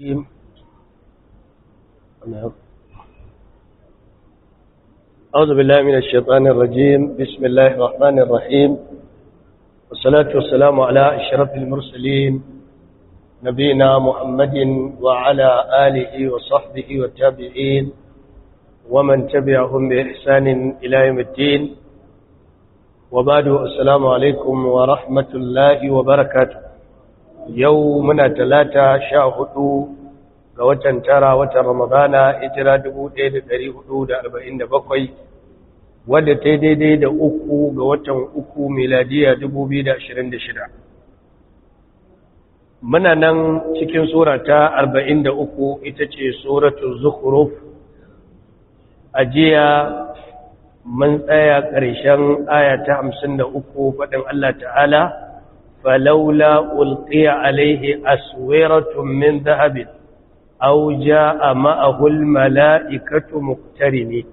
الرجيم نعم. أعوذ بالله من الشيطان الرجيم بسم الله الرحمن الرحيم والصلاة والسلام على أشرف المرسلين نبينا محمد وعلى آله وصحبه والتابعين ومن تبعهم بإحسان إلى يوم الدين وبعد السلام عليكم ورحمة الله وبركاته yau muna talata sha hudu ga watan tara watan ramadana ijira 1447 wadda ta daidai da uku ga watan uku miladiya 2026 muna nan cikin surata 43 ita ce suratu zukuruf ajiya mun tsaya ƙarshen aya ta 53 faɗin Allah ta'ala فلولا ألقي عليه أسويرة من ذهب أو جاء معه الملائكة مقترني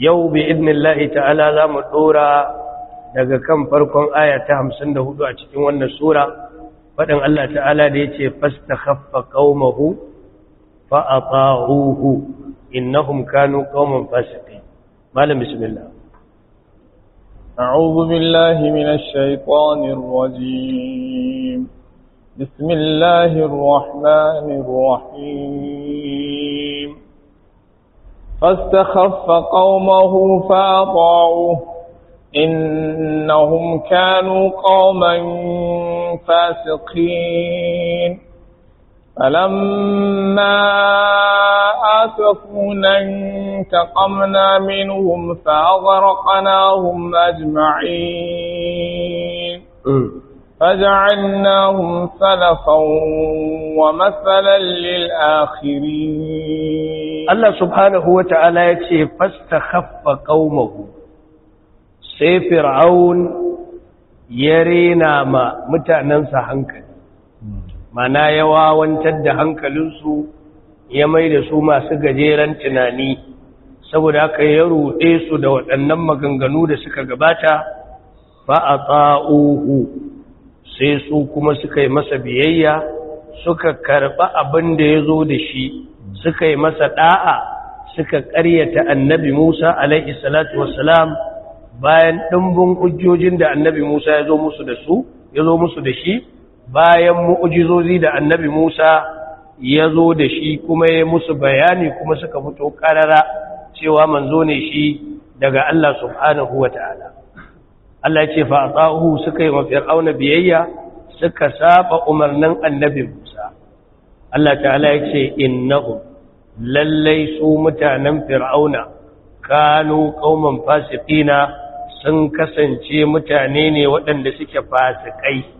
يو بإذن الله تعالى لا مدورة daga kan farkon aya ta 54 a cikin wannan sura faɗin Allah ta'ala da yace fastakhaffa qaumahu fa ata'uhu innahum kanu qauman fasiqin malam bismillah أعوذ بالله من الشيطان الرجيم بسم الله الرحمن الرحيم فاستخف قومه فأطاعوه إنهم كانوا قوما فاسقين فلما فاسقوا انتقمنا منهم فأغرقناهم أجمعين فجعلناهم سلفا ومثلا للآخرين الله سبحانه وتعالى يتشي فاستخف قومه sai fir'aun ya rena ma mutanensa hankali mana ya wawantar da hankalinsu ya mai da su masu gajeren tunani saboda haka ya ruɗe su da waɗannan maganganu da suka gabata ba a tsa'uhu sai su kuma suka yi masa biyayya suka karɓa abin da ya zo da shi suka yi masa ɗa'a suka ƙaryata annabi musa alaihi salatu wasalam bayan ɗimbin kujjojin da annabi musa ya zo musu da su ya zo musu da shi bayan mu'ujizozi da annabi musa ya zo da shi kuma ya musu bayani kuma suka fito karara cewa manzo ne shi daga Allah subhanahu wa ta'ala Allah ce fa suka yi wa fir'auna biyayya suka saba umarnin annabi Musa Allah ta'ala ya ce innahum lallai su mutanen fir'auna kanu ƙaunar fasikina sun kasance mutane ne waɗanda suke fasikai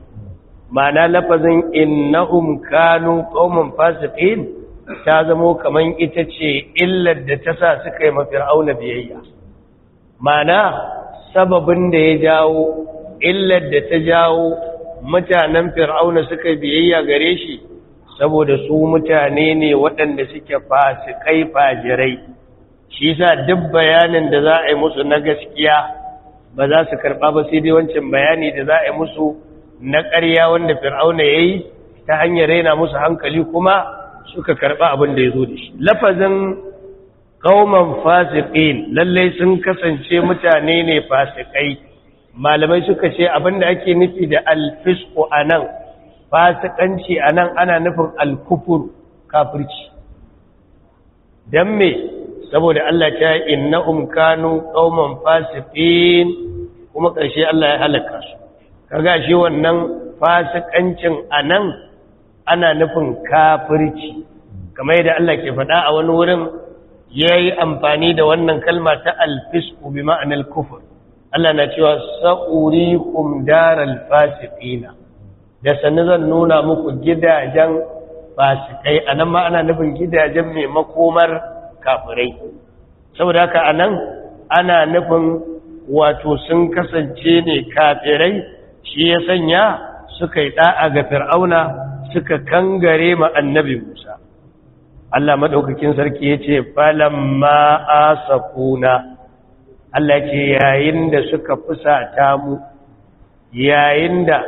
ma'ana lafazin innahum kanu qauman fasiqin ta zamo kaman ita ce illar da ta sa suka yi mafir'auna biyayya ma'ana sababin da ya jawo illar da ta jawo mutanen fir'auna suka biyayya gare shi saboda su mutane ne waɗanda suke fasikai fajirai shi sa duk bayanin da za a yi musu na gaskiya ba za su karɓa ba sai dai wancan bayani da za a yi musu na ƙarya wanda fir'auna ya yi ta hanyar raina musu hankali kuma suka karɓa abin da ya zo da shi lafazin ƙauman fasiƙin lallai sun kasance mutane ne fasikai malamai suka ce abin da ake nufi da alfisko a nan fasikanci a nan ana nufin alkufur kafirci don me saboda Allah ta yi innahum umkanu ƙauman fasiƙin kuma ƙarshe Allah ya halaka su kaga shi wannan fasikancin anan ana nufin kafirci kamar yadda Allah ke faɗa a wani wurin yayi amfani da wannan kalma ta alfisku bi ma'anar kufur Allah na cewa sa'urikum daral fasiqina da sanin zan nuna muku gidajen fasikai anan ma ana nufin gidajen mai makomar kafirai saboda haka anan ana nufin wato sun kasance ne kafirai shi ya sanya suka yi da'a ga fir'auna suka kangare ma annabi Musa Allah madaukakin sarki ya ce, yace falamma sakuna Allah ce yayin da suka fusata mu yayin da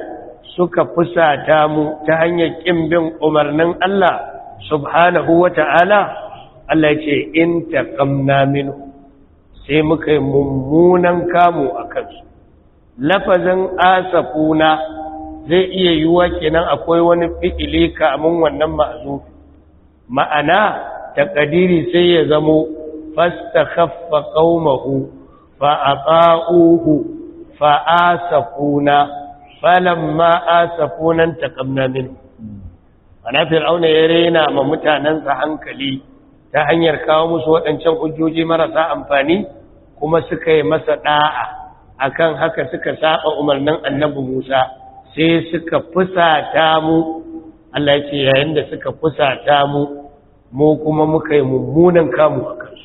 suka fusata mu ta hanyar ƙimbin umarnin Allah subhanahu wa ta'ala Allah ce in ta ƙamna minu, sai muka yi mummunan kamu a kansu lafazin asafuna zai iya yiwuwa kenan akwai wani fi'ili kamun wannan ma'azufi ma'ana kadiri sai ya zamo fastakhaffa qaumahu fa aqauhu fa asafuna falamma asafuna taqamna min. ana fir'auna ya rena ma mutanansa hankali ta hanyar kawo musu waɗancan hujjoji marasa amfani kuma suka yi masa da'a akan haka suka saba umarnin annabi Musa sai suka fusata mu Allah ya ce yayin da suka fusata mu mu kuma muka yi mummunan kamu a kansu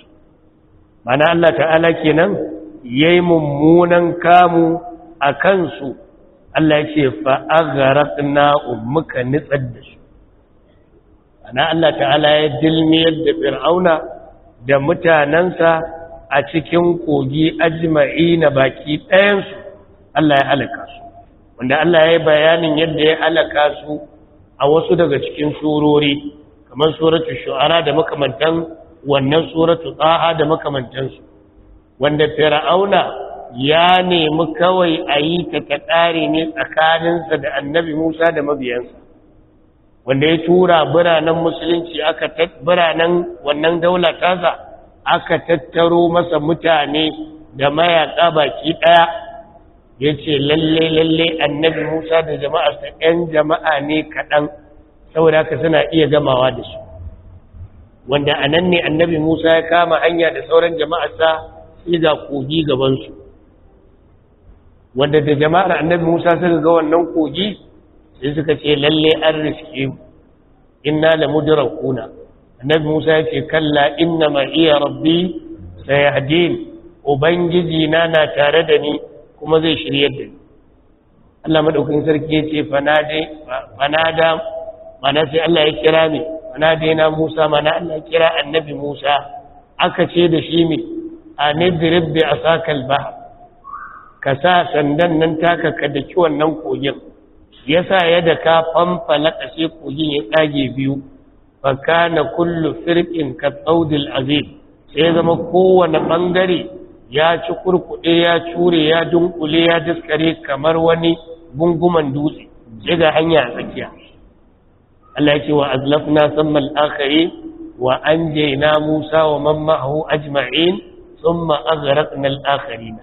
mana Allah ta'ala kenan yayi mummunan kamu a kansu Allah ya ce fa agharaqna ummuka nitsar da su mana Allah ta'ala ya dilmiyar da fir'auna da mutanansa a cikin kogi ajma'i na baki ɗayansu Allah ya halaka su wanda Allah ya yi bayanin yadda ya halaka su a wasu daga cikin surori kamar suratu shu'ara da makamantan wannan suratu tsaha da makamantansu wanda fir'auna ya nemi kawai ayi yi ta ta ne tsakaninsa da annabi musa da mabiyansa wanda ya tura biranen musulunci aka biranen wannan daula tasa aka tattaro masa mutane da mayaƙa baki ɗaya ya ce lalle lalle annabi musa da jama'arsa 'yan jama'a ne kaɗan saboda ka suna iya gamawa da su wanda a nan ne annabi musa ya kama hanya da sauran jama'arsa sai ga kogi gabansu wanda da jama'ar annabi musa suka ga wannan kogi sai suka ce lalle an riske mu inna la annabi musa ya ce kalla inna ma iya rabbi sayahdin ubangiji na na tare da ni kuma zai shiryar da ni Allah madaukakin sarki ya ce fanade fanada mana sai Allah ya kira ni fanade na Musa mana Allah ya kira annabi Musa aka ce da shi ne anidrib a asakal bah ka sa sandan nan taka ka kiwon nan kogin yasa ya daka fanfala kashe kogin ya ɗage biyu fakana kullu firqin ka tsaudil azim sai zama kowane bangare ya ci kurkuɗe ya cure ya dunkule ya daskare kamar wani gunguman dutse sai ga hanya a tsakiya Allah ya ce wa azlafna samma al-akhirin wa anjayna Musa wa man ma'ahu ajma'in thumma aghraqna al-akhirin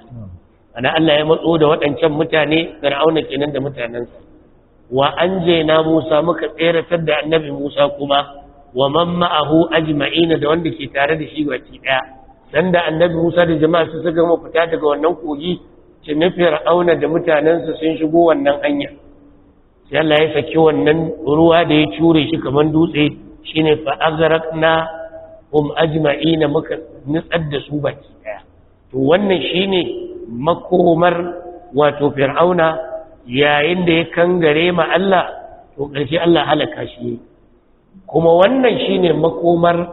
ana Allah ya matso da waɗancan mutane fir'auna kenan da mutanensa wa anjayna Musa muka tsere da annabi Musa kuma wa man ma'ahu ajma'ina da wanda ke tare da shi baki daya dan da annabi Musa da jama'a su suka gama fita daga wannan kogi ce na fir'auna da mutanensa sun shigo wannan hanya sai Allah ya saki wannan ruwa da ya cure shi kaman dutse shine fa azraqna hum ajma'ina muka nutsar da su baki daya to wannan shine makomar wato fir'auna yayin da ya kangare ma Allah to ƙarshe Allah halaka shi kuma wannan shi ne makomar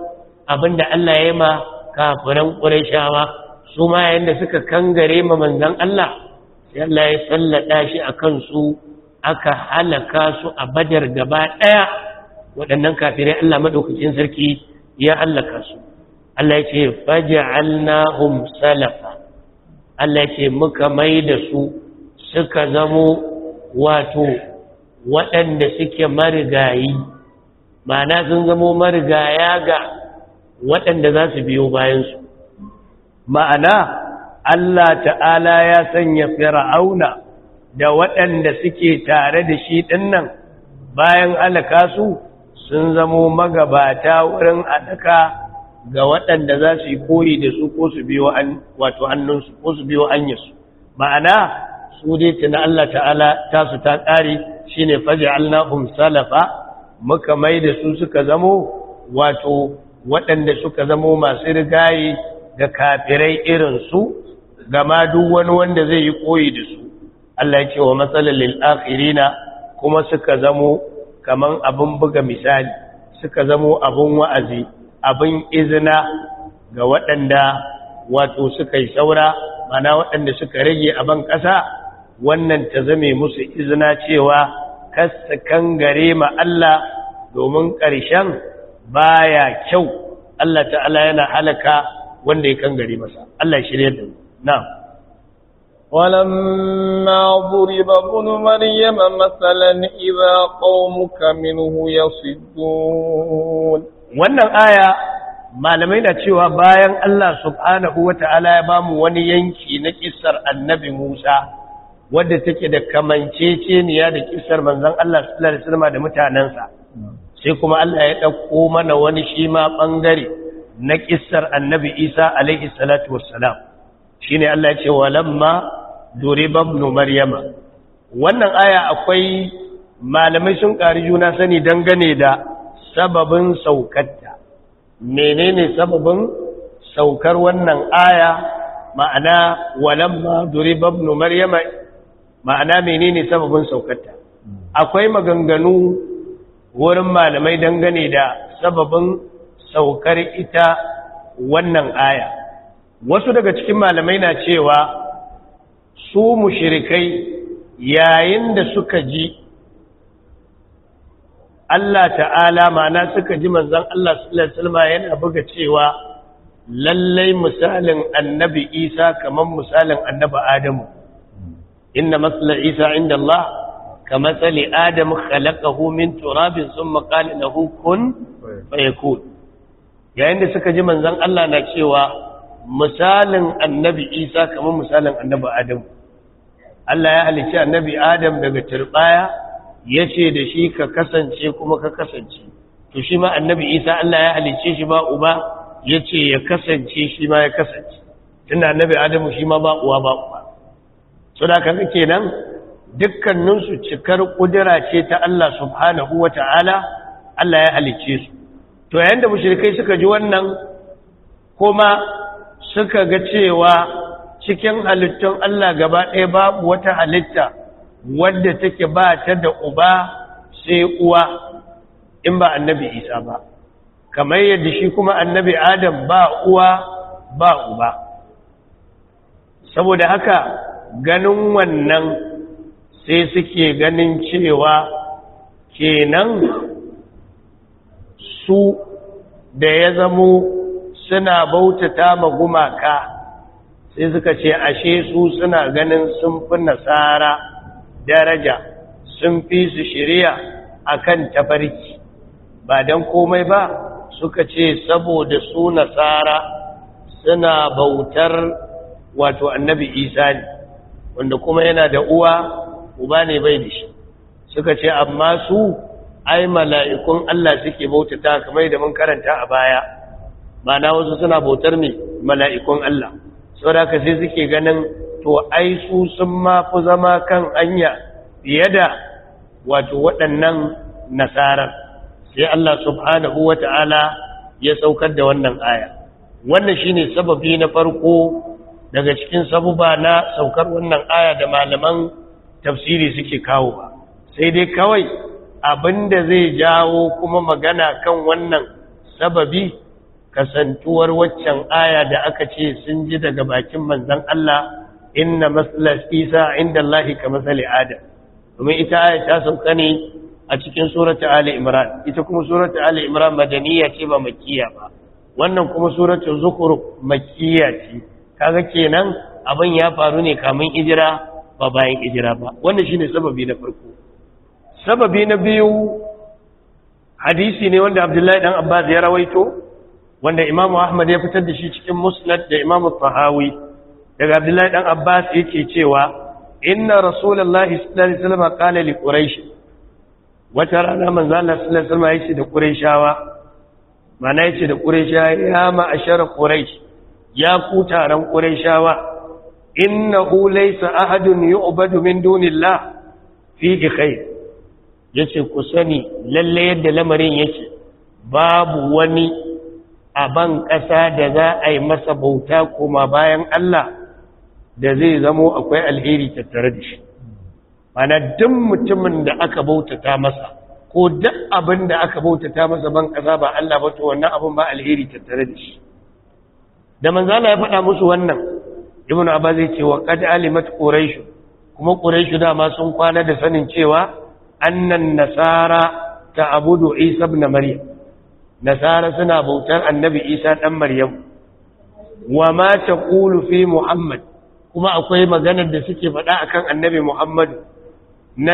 abinda Allah ya yi ma kafiran ƙurashawa su ma yadda suka kangare ma manzan Allah sai Allah ya sallada shi a kansu aka halaka su a badar gaba ɗaya waɗannan kafirai Allah maɗaukacin sarki ya halaka su Allah ya ce faja'alnahum salafa Allah ya ce muka mai da su suka zamo wato waɗanda suke marigayi ma'ana sun zamo marigaya ga waɗanda za su biyo bayansu ma'ana Allah ta'ala ya sanya fir'auna da waɗanda suke tare da shi ɗinnan bayan alaka su sun zamo magabata wurin adaka ga waɗanda za su yi koyi da su ko su biyo an wato annunsu ko su biyo anyarsu ma'ana su dai tana Allah ta'ala tasu ta ƙari shi ne shine faj'alnahum salafa muka mai da su suka zamo wato waɗanda suka zamo masu rigaye da kafirai irinsu gama duk wani wanda zai yi koyi da su Allah ya ce wa matsalar lil'akirina kuma suka zamo kaman abin buga misali suka zamo abin wa'azi abin izina ga waɗanda wato suka yi saura mana waɗanda suka rage abin ƙasa wannan ta zame musu izina cewa kasta kangare ma Allah domin ƙarshen baya kyau Allah ta'ala yana halaka wanda ya kangare masa Allah shirye da na'am ولما ضرب ابن مريم مثلا إذا قومك منه يصدون wannan aya malamai na cewa bayan Allah subhanahu wata'ala ya bamu wani yanki na kissar annabi Musa wadda take da kamanceceniya da kisar manzon Allah sallallahu alaihi wasallam da mutanansa sai kuma Allah ya ɗauko mana wani shi ma bangare na kisar annabi Isa alaihi salatu wassalam shine Allah ya ce walamma duriba ibn maryama wannan aya akwai malamai sun ƙari juna sani dangane da sababin saukarta menene sababin saukar wannan aya ma'ana walamma duriba ibn maryama ma'ana menene sababin saukarta akwai maganganu wurin malamai dangane da sababin saukar ita wannan aya wasu daga cikin malamai na cewa su mushirikai yayin da suka ji Allah ta'ala ma'ana suka ji manzon Allah sallallahu yana buga cewa lallai misalin annabi Isa kamar misalin annabi Adamu inna masala isa inda Allah ka matsali adam khalaqahu min turabin summa qala lahu kun fayakun yayin da suka ji manzon Allah na cewa misalin annabi isa kamar misalin annabi adam Allah ya halicci annabi adam daga turbaya yace da shi ka kasance kuma ka kasance to shi ma annabi isa Allah ya halicce shi ba uba yace ya kasance shi ma ya kasance tunda annabi adamu shi ma ba uwa ba uba so da kenan dukkaninsu cikar kudura ce ta Allah subhanahu wa ta'ala Allah ya halicce su to yayin da mushrikai suka ji wannan kuma suka ga cewa cikin halittun Allah gaba ɗaya babu wata halitta wadda take ba ta da uba sai uwa in ba annabi isa ba kamar yadda shi kuma annabi adam ba uwa ba uba saboda haka ganin wannan sai suke ganin cewa kenan su da ya zamo suna bautata ma gumaka sai suka ce ashe su suna ganin sun fi nasara daraja sun fi su shirya a kan tafarki ba don komai ba suka ce saboda su nasara suna bautar wato annabi isa ne wanda kuma yana da uwa uba ne bai da shi suka ce amma su ai mala'ikun Allah suke bautata kamar da mun karanta a baya ba wasu suna bautar ne mala'ikun Allah saboda ka sai suke ganin to ai su sun ma fi zama kan anya fiye da wato waɗannan nasarar sai Allah subhanahu wa ta'ala ya saukar da wannan aya wannan shine sababi na farko daga cikin sabuba na saukar wannan aya da malaman tafsiri suke kawo ba sai dai kawai abinda zai jawo kuma magana kan wannan sababi kasantuwar waccan aya da aka ce sun ji daga bakin manzan Allah inna maslas isa inda Allahi ka masali adam domin ita aya ta sauka ne a cikin surata Ali Imran ita kuma surata Ali Imran madaniya ce ba makiya ba wannan kuma surata Zukhruf makiya ce kaga kenan abin ya faru ne kamin ijira ba bayan ijira ba wannan shine sababi na farko sababi na biyu hadisi ne wanda Abdullahi dan Abbas ya rawaito wanda Imam Ahmad ya fitar da shi cikin Musnad da Imam fahawi daga Abdullahi dan Abbas yake cewa inna rasulullahi sallallahu alaihi wasallam qala li quraish wata rana manzo Allah sallallahu alaihi wasallam ya ce da quraishawa mana ya ce da quraishawa ya ma'ashara quraish ya ku taron ƙurayshawa innahu laysa ahadun yu'badu min dunillah fihi khair yace ku sani lalle yadda lamarin yake babu wani aban ƙasa da za a yi masa bauta kuma bayan Allah da zai zamo akwai alheri tattare da shi mana duk mutumin da aka bautata masa ko duk abin da aka bautata masa ban ƙasa ba Allah ba to wannan abin ba alheri tattare da shi da manzala ya faɗa musu wannan ibn abbas zai ce wa qad alimat quraish kuma quraish dama sun kwana da sanin cewa annan nasara ta'budu isa ibn maryam nasara suna bautar annabi isa dan maryam wa ma taqulu fi muhammad kuma akwai maganar da suke faɗa akan annabi muhammadu na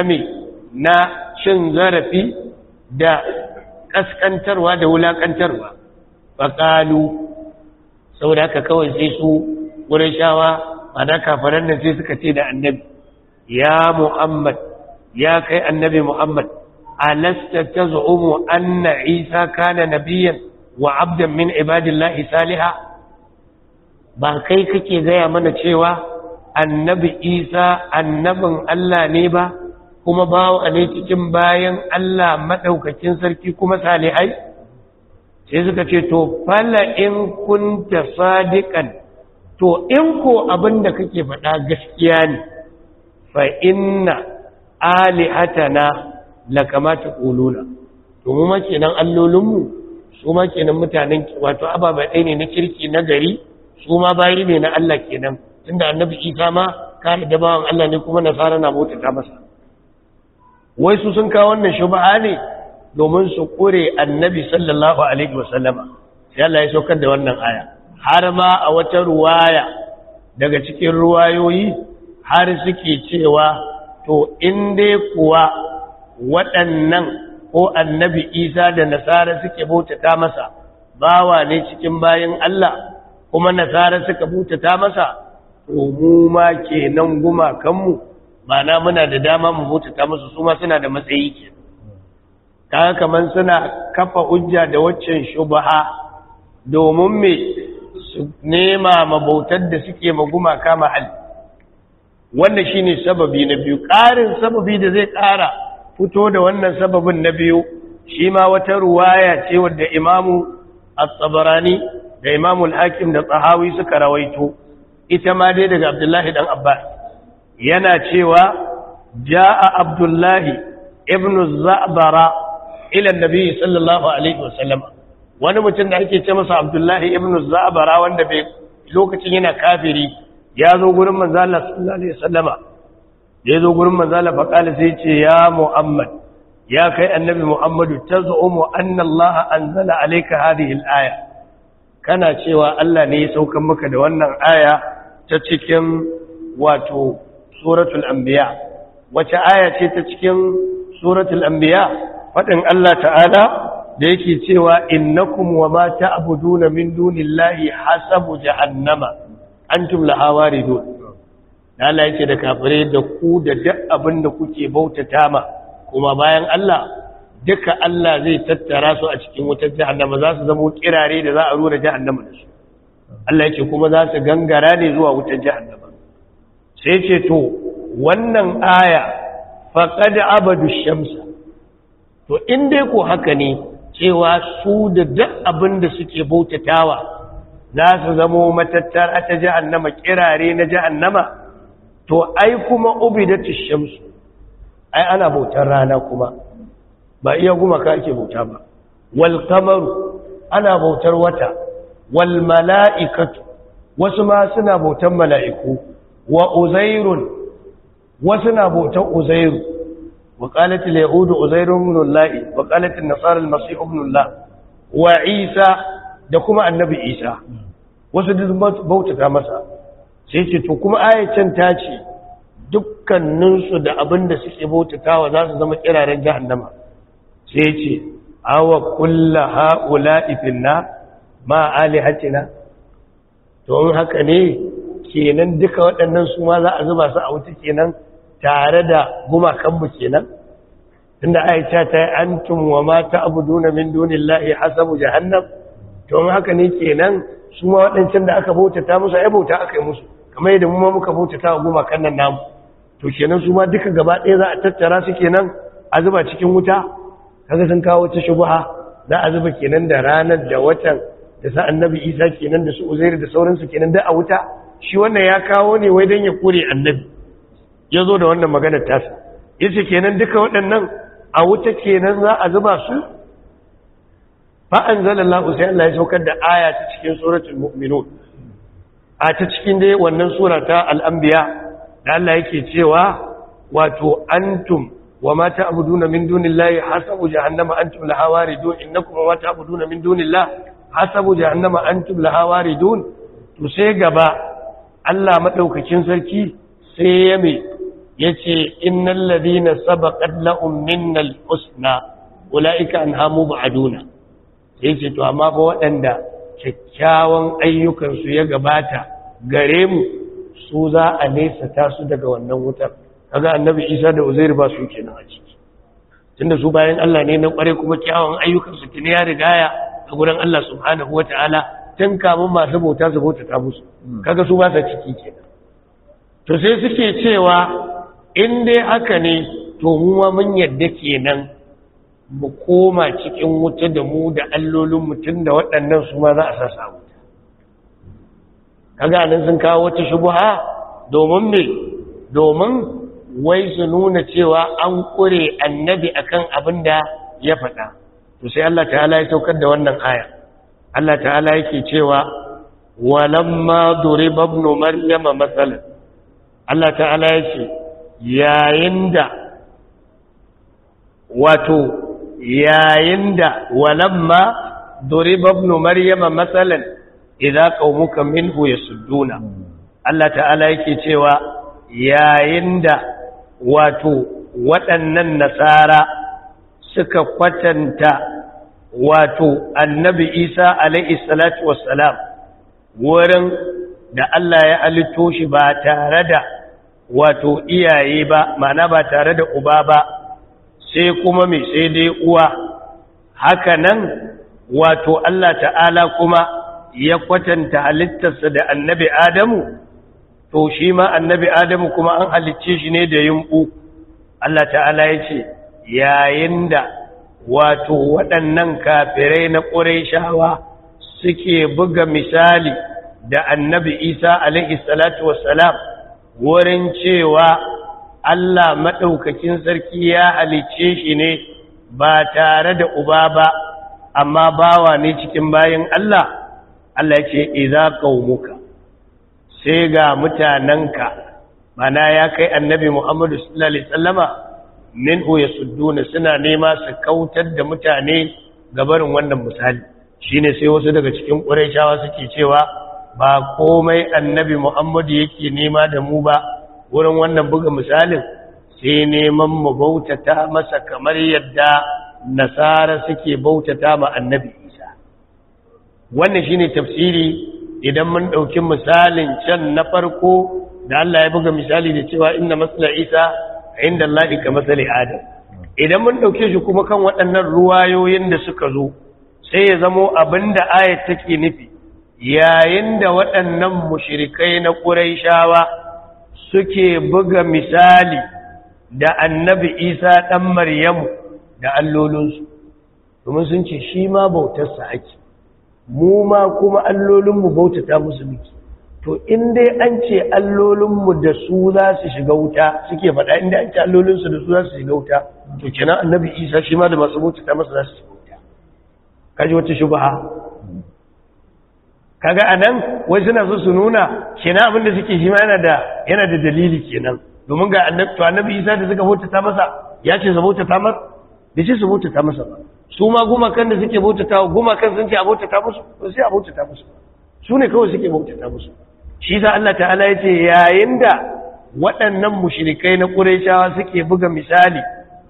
na cin zarafi da kaskantarwa da wulakantarwa Baƙalu. saboda haka kawai sai su wurin shawa mana kafaran nan sai suka ce da annabi ya muhammad ya kai annabi muhammad alasta tazumu anna isa kana nabiyyan wa abdan min ibadillahi saliha ba kai kake gaya mana cewa annabi isa annabin allah ne ba kuma bawa ne cikin bayan allah maɗaukakin sarki kuma salihai sai suka ce to fala in kunta sadiqan to in ko da kake faɗa gaskiya ne fa inna alihatana kamata quluna to mu ma kenan allolinmu su ma kenan mutanen wato ababa ɗaya ne na kirki na gari su ma bayi ne na Allah kenan tunda annabi Isa ma kare da bawan Allah ne kuma nasara na mota ta masa wai su sun kawo wannan shubha ne domin su kure annabi sallallahu alaihi wasallama sai Allah ya saukar da wannan aya har ma a wata ruwaya daga cikin ruwayoyi har suke cewa to in dai kuwa waɗannan ko annabi isa da nasara suke bautata masa bawa ne cikin bayan Allah kuma nasara suka bautata masa to mu ma kenan gumakanmu ba na muna da dama mu bautata musu su ma suna da matsayi kenan kaga kamar suna kafa hujja da waccan shubha domin me su nema mabautar da suke maguma kama al wannan shine sababi na biyu ƙarin sababi da zai kara fito da wannan sababin na biyu shi ma wata ruwaya ce wadda imamu al tsabarani da imamu al-hakim da tsahawi suka rawaito ita ma dai daga abdullahi dan abbas yana cewa ja'a abdullahi ibnu za'bara ila annabi sallallahu alaihi wasallam wani mutum da ake ce masa abdullahi ibn zabara wanda bai lokacin yana kafiri ya zo gurin manzo Allah sallallahu alaihi wasallama ya zo gurin manzo Allah sai ce ya muhammad ya kai annabi muhammadu tazumu anna Allah anzala alayka hadhihi al-aya kana cewa Allah ne ya saukar maka da wannan aya ta cikin wato suratul anbiya wace aya ce ta cikin suratul anbiya faɗin Allah ta'ala da yake cewa innakum wa ma ta'buduna min dunillahi hasabu jahannama antum laha waridun Allah yake da kafirai da ku da duk abin kuke bautata ma kuma bayan Allah duka Allah zai tattara su a cikin wutar jahannama za su zama kirare da za a rura jahannama da su Allah yake kuma za su gangara ne zuwa wutar jahannama sai ce to wannan aya faqad abadu shamsa to in dai ko haka ne cewa su da duk abin da suke bautatawa za su zamo matattar a ta annama kirare na ji annama to ai kuma da tushensu ai ana bautar rana kuma ba iya gumaka ake bauta ba wal kamaru ana bautar wata wal mala'ikatu wasu ma suna bautar mala'iku wa uzairun wasu na bautar uzairu وقالت اليهود عزير بن الله وقالت النصارى المسيح ابن الله وعيسى da kuma annabi Isa wasu duk bautata masa sai ce to kuma ayatan ta ce dukkanin da abinda da suke bautatawa za su zama kiraren jahannama sai ce awa kulla ha'ula ifinna ma hatina to haka ne kenan duka waɗannan su ma za a zuba su a wuta kenan tare da gumakanmu kenan inda aisha ta yi antum wa mata abuduna min dunillahi hasabu jahannam to haka ne kenan su ma waɗancan da aka bautata musu ai bauta aka yi musu kamar yadda mu ma muka bautata wa gumakan nan namu to kenan su ma duka gaba ɗaya za a tattara su kenan a zuba cikin wuta kaga sun kawo ta shubuha za a zuba kenan da ranar da watan da sa annabi isa kenan da su uzairi da sauransu kenan da a wuta shi wannan ya kawo ne wai dan ya kore annabi ya zo da wannan maganar tasa ya ce kenan duka waɗannan a wuta kenan za a zuba su fa'an zalallahu sai Allah ya saukar da aya ta cikin suratun mu'minun a ta cikin dai wannan surata al'ambiya da Allah yake cewa wato antum wa mata abu duna min dunillahi hasabu jahannama antum laha kuma mata wa duna min la hasabu jahannama antum laha waridun to sai gaba Allah madaukakin sarki sai ya mai yace innal ladina sabaqat lahum minnal husna ulaika anha Ya yace to amma fa waɗanda kyakkyawan ayyukansu ya gabata gare mu su za a nesa ta su daga wannan wutar kaga annabi Isa da Uzair ba su kenan a ciki tunda su bayan Allah ne na kware kuma kyawun ayyukan su tuni ya rigaya a gurin Allah subhanahu wataala tun kamun masu bauta su bauta ta musu hmm. kaga su ba sa ciki kenan to sai suke cewa in dai haka ne to mu mun yadda kenan mu koma cikin wuta da mu da allolin mutum da waɗannan su ma za a sassa wuta kaga nan sun kawo wata shubuha domin me domin wai su nuna cewa an kure annabi akan abin da ya faɗa to sai Allah ta'ala ya saukar da wannan aya Allah ta'ala yake cewa walamma duriba ibn maryama masalan Allah ta'ala yake yayin da wato yayin da walamma duriba maryama matsalan idza qaumuka minhu yasudduna Allah ta'ala yake cewa yayin da wato waɗannan nasara suka kwatanta wato annabi Isa alaihi salatu wassalam wurin da Allah ya alito shi ba tare da wato iyaye ba mana ba tare da uba ba sai kuma mai sai dai uwa haka nan wato Allah ta'ala kuma ya kwatanta halittarsa da annabi Adamu to shi ma annabi Adamu kuma an halicce shi ne da yumbu Allah ta'ala ya ce yayin da wato waɗannan kafirai na ƙuraishawa suke buga misali da annabi Isa alaihi salatu wassalam wurin cewa Allah maɗaukacin sarki ya halice shi ne ba tare da uba ba amma bawa ne cikin bayan Allah Allah ce iza qaumuka sai ga mutanenka mana ya kai annabi Muhammadu sallallahu alaihi ya minhu yasudduna suna nema su kautar da mutane gabarin wannan misali Shi ne sai wasu daga cikin Qurayshawa suke cewa ba komai annabi muhammadu yake nema da mu ba wurin wannan buga misalin sai neman mu bautata masa kamar yadda nasara suke bautata ma annabi isa wannan shine tafsiri idan mun ɗauki misalin can na farko da Allah ya buga misali da cewa inna masla isa inda Allah ka masali adam idan mun ɗauke shi kuma kan waɗannan ruwayoyin da suka zo sai ya zamo abinda ayat take nufi yayin da waɗannan mushirikai na ƙuraishawa suke buga misali da annabi isa ɗan maryamu da allolinsu domin sun ce shi ma bautarsa ake mu ma kuma allolinmu bautata musu miki to dai an ce allolinmu da su za su shiga wuta suke faɗa inda an ce allolinsu da su za su shiga wuta to kenan annabi isa shi ma da masu bautata masa za su shiga wuta kaji wata shubaha kaga anan wai suna so su nuna kenan abin da suke shi ma yana da yana da dalili kenan domin ga annabi to annabi Isa da suka bauta ta masa ya ce su ta masa da shi su bauta ta masa ba su ma kan da suke bauta goma kan sun ce a bauta ta musu to sai a ta musu su ne kawai suke bauta ta musu shi sa Allah ta'ala ya ce yayin da waɗannan mushrikai na Qurayshawa suke buga misali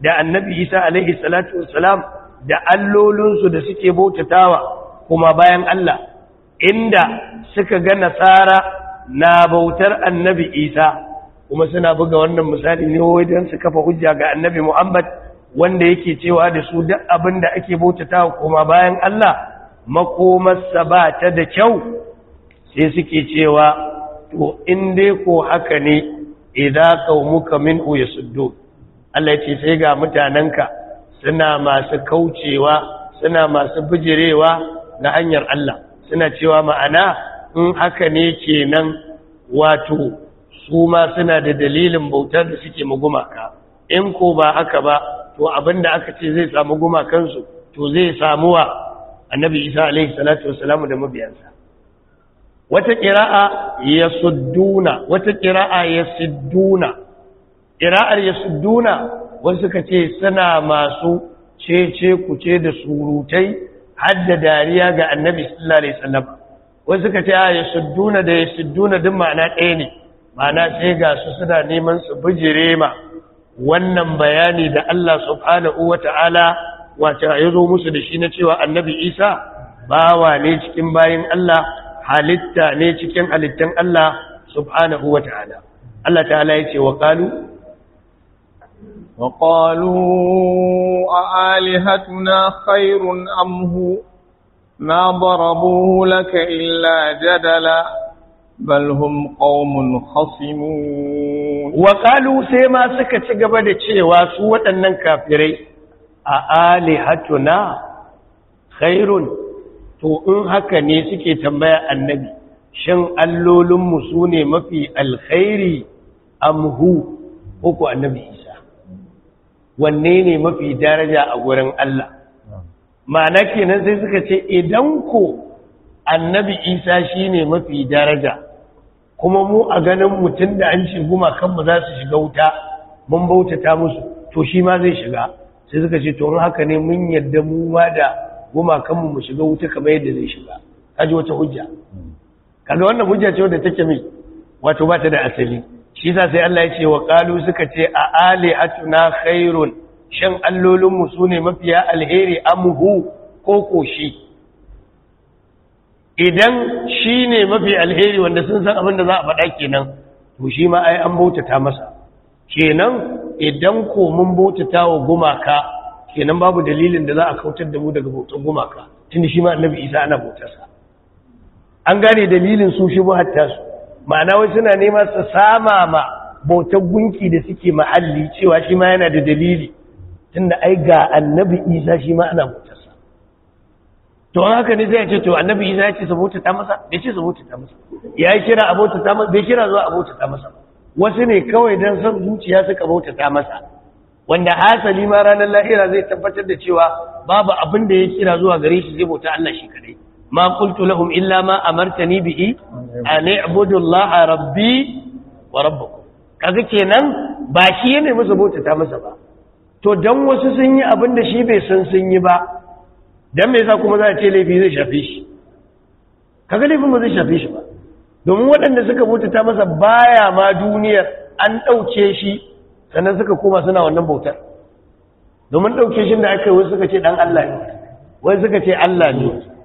da annabi Isa alaihi salatu wassalam da allolinsu da suke bautatawa kuma bayan Allah inda suka ga nasara na bautar annabi isa kuma suna buga wannan misali ne wajen su kafa hujja ga annabi muhammad wanda yake cewa da su duk abin da ake bautata kuma bayan allah makomarsa ba ta da kyau sai suke cewa to in dai ko haka ne idan kaumuka min uya suddo allah ce sai ga mutanenka suna masu kaucewa suna masu bijirewa na hanyar allah suna cewa ma'ana in haka ne kenan wato su ma suna da dalilin bautar da suke magumaka in ko ba haka ba to abinda aka ce zai samu gumakansu to zai samu wa annabi isa alaihi salatu wasalamu da mabiyansa wata ƙira'a ya sudduna wata ƙira'a ya ƙira'ar wasu kace ce suna masu cece kuce da surutai hadda dariya ga annabi sallallahu alaihi wasallam wasu suka ce ya sudduna da ya sudduna duk ma'ana ɗaya ne ma'ana sai ga su suna neman su bijire ma wannan bayani da Allah subhanahu wata'ala wace ya zo musu da shi na cewa annabi Isa bawa ne cikin bayin Allah halitta ne cikin halittan Allah subhanahu wata'ala Allah ta'ala ya ce wa qalu وقالوا أآلهتنا خير أم هو ما ضربوه لك إلا جدلا بل هم قوم خصمون وقالوا سيما سكت قبل تشيوا سوة أنن كافري أآلهتنا خير تو in haka ne suke tambaya annabi shin allolinmu su ne mafi alkhairi amhu uku annabi wanne ne mafi daraja a gurin Allah ma'ana kenan sai suka ce idan ko annabi isa shi ne mafi daraja kuma mu a ganin mutum da an shigu kanmu za su shiga wuta mun bautata musu to shi ma zai shiga sai suka ce tori haka ne mun yadda mu ma da gumakanmu mu shiga wuta kamar yadda zai shiga kaji wata hujja kaga wannan hujja ce wadda take mai wato ba ta da asali shi sa sai Allah ya ce wa kalu suka ce a ali atuna khairun shin allolin mu sune mafiya alheri amhu ko ko shi idan shine mafi alheri wanda sun san abin da za a faɗa kenan to shi ma ai an bautata masa kenan idan ko mun bautata wa gumaka kenan babu dalilin da za a kautar da mu daga bautar gumaka tunda shi ma annabi isa ana bautarsa an gane dalilin su shi bu hatta su ma'ana wai suna neman su sama ma bautar gunki da suke ma'alli cewa shi ma yana da dalili tunda ai ga annabi isa shi ma ana bautarsa to haka ne zai ce to annabi isa ya ce su ta masa bai ce su ta masa ya kira a ta masa bai kira zuwa a ta masa wasu ne kawai don son zuciya suka ta masa wanda hasali ma ranar lahira zai tabbatar da cewa babu abin da ya kira zuwa gare shi zai bauta Allah shi kadai ma illa ma amartani bihi an i'budu rabbi wa kaga kenan ba shi ya nemi bauta ta masa ba to dan wasu sun yi abin da shi bai san sun yi ba dan me yasa kuma za a ce laifi zai shafe shi kaga laifin ba zai shafe shi ba domin waɗanda suka bauta ta masa baya ma duniyar an ɗauke shi sannan suka koma suna wannan bautar domin ɗauke shi da aka yi wasu suka ce ɗan Allah ne wasu suka ce Allah ne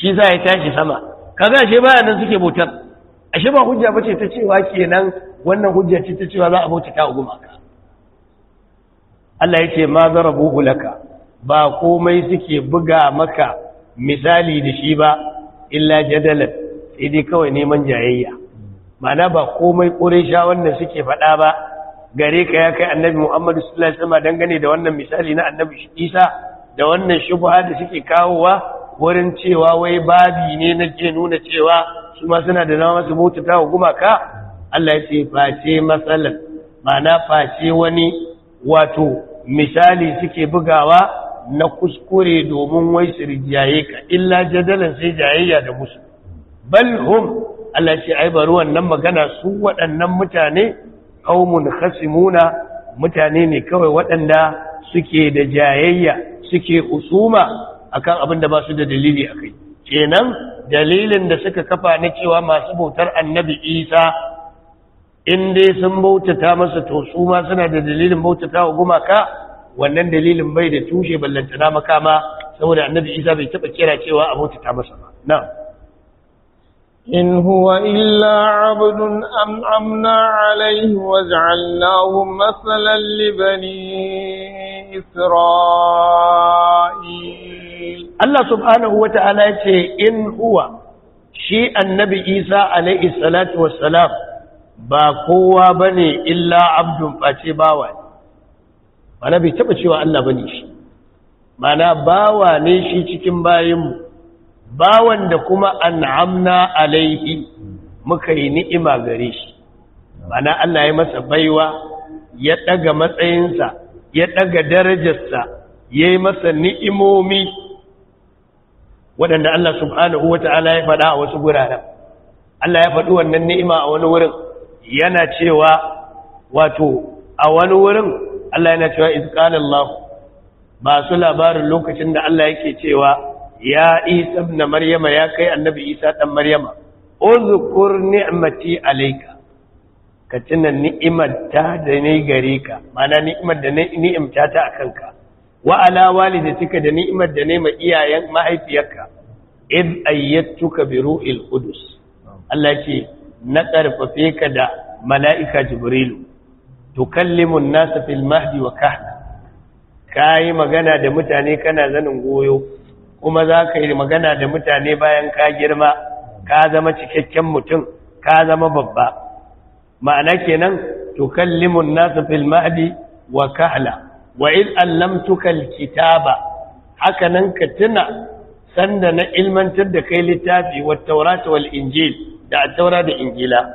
shi za ya tashi sama kaga ba baya nan suke bautar ashe ba hujja bace ta cewa kenan wannan hujja ce ta cewa za a bauta ta maka Allah ce ma zarabuhu laka ba komai suke buga maka misali da shi ba illa jadalan sai dai kawai neman jayayya ma'ana ba komai sha wannan suke faɗa ba gare ka ya kai annabi Muhammad sallallahu alaihi dangane da wannan misali na annabi Isa da wannan shubha da suke kawowa wurin cewa wai babi ne na ke nuna cewa su ma suna da nama su ta wa gumaka Allah ya ce face matsalar ma'ana face wani wato misali suke bugawa na kuskure domin wai su rijiyaye ka illa jadalan sai jayayya da musu bal hum Allah ce ai wannan magana su waɗannan mutane qaumun khasimuna mutane ne kawai waɗanda suke da jayayya suke usuma akan abin da ba su da dalili a kai kenan dalilin da suka kafa na cewa masu bautar annabi isa in dai sun bautata masa to su ma suna da dalilin bautata wa gumaka wannan dalilin bai da tushe ballantana makama saboda annabi isa bai taɓa kira cewa a bautata masa ba na'am إن هو إلا عبد أنعمنا عليه وجعلناه مثلا لبني إسرائيل Allah subhanahu wa ya ce in huwa shi annabi Isa alaihi salatu wassalam ba kowa bane illa abdun face bawa ne mana bai taba cewa Allah bane shi mana bawa ne shi cikin bayanmu bawan da kuma an'amna alaihi muka yi ni'ima gare shi mana Allah ya masa baiwa ya ɗaga matsayinsa ya ɗaga darajarsa ya yi masa ni'imomi waɗanda Allah subhanahu wa ta'ala ya faɗa a wasu guraren Allah ya faɗi wannan ni'ima a wani wurin yana cewa wato a wani wurin Allah yana cewa izqalallah ba su labarin lokacin da Allah yake cewa ya Isa ibn Maryama ya kai annabi Isa ɗan Maryama uzkur ni'mati alaika, ka tuna ni'imar da ne gare ka mana ni'imar da ni'imta ta akan ka wa ala kika da ni'imar da ne ma iyayen mahaifiyarka id ayyatuka bi ru'il qudus Allah ce na karfafe ka da mala'ika jibrilu tukallimu an fil mahdi wa kahna kai magana da mutane kana zanin goyo kuma za ka yi magana da mutane bayan ka girma ka zama cikakken mutum ka zama babba ma'ana kenan tukallimu an fil mahdi wa kahla وإذ ألمتك الكتابة حكا ننك تنع سندنا إلمان تدكي لتافي والتوراة والإنجيل دع التوراة الإنجيلة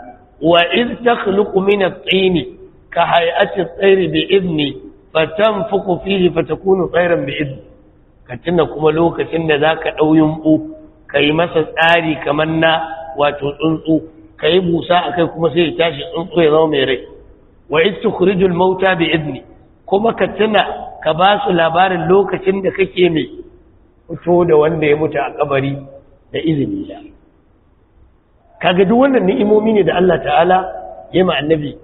وإذ تخلق من الطين كهيئة الطير بإذني فتنفق فيه فتكون طيرا بإذن كتنا كملو كتنا ذاك أو ينبو كيمسا آري كمنا وتنطو كيبو كي كيكمسي تاشي انطو يضوم يري وإذ تخرج الموتى بإذني kuma ka tuna ka ba su labarin lokacin da kake mai fito da wanda ya mutu a kabari da izini da kaga duk wannan ni'imomi ne da Allah ta'ala ya ma annabi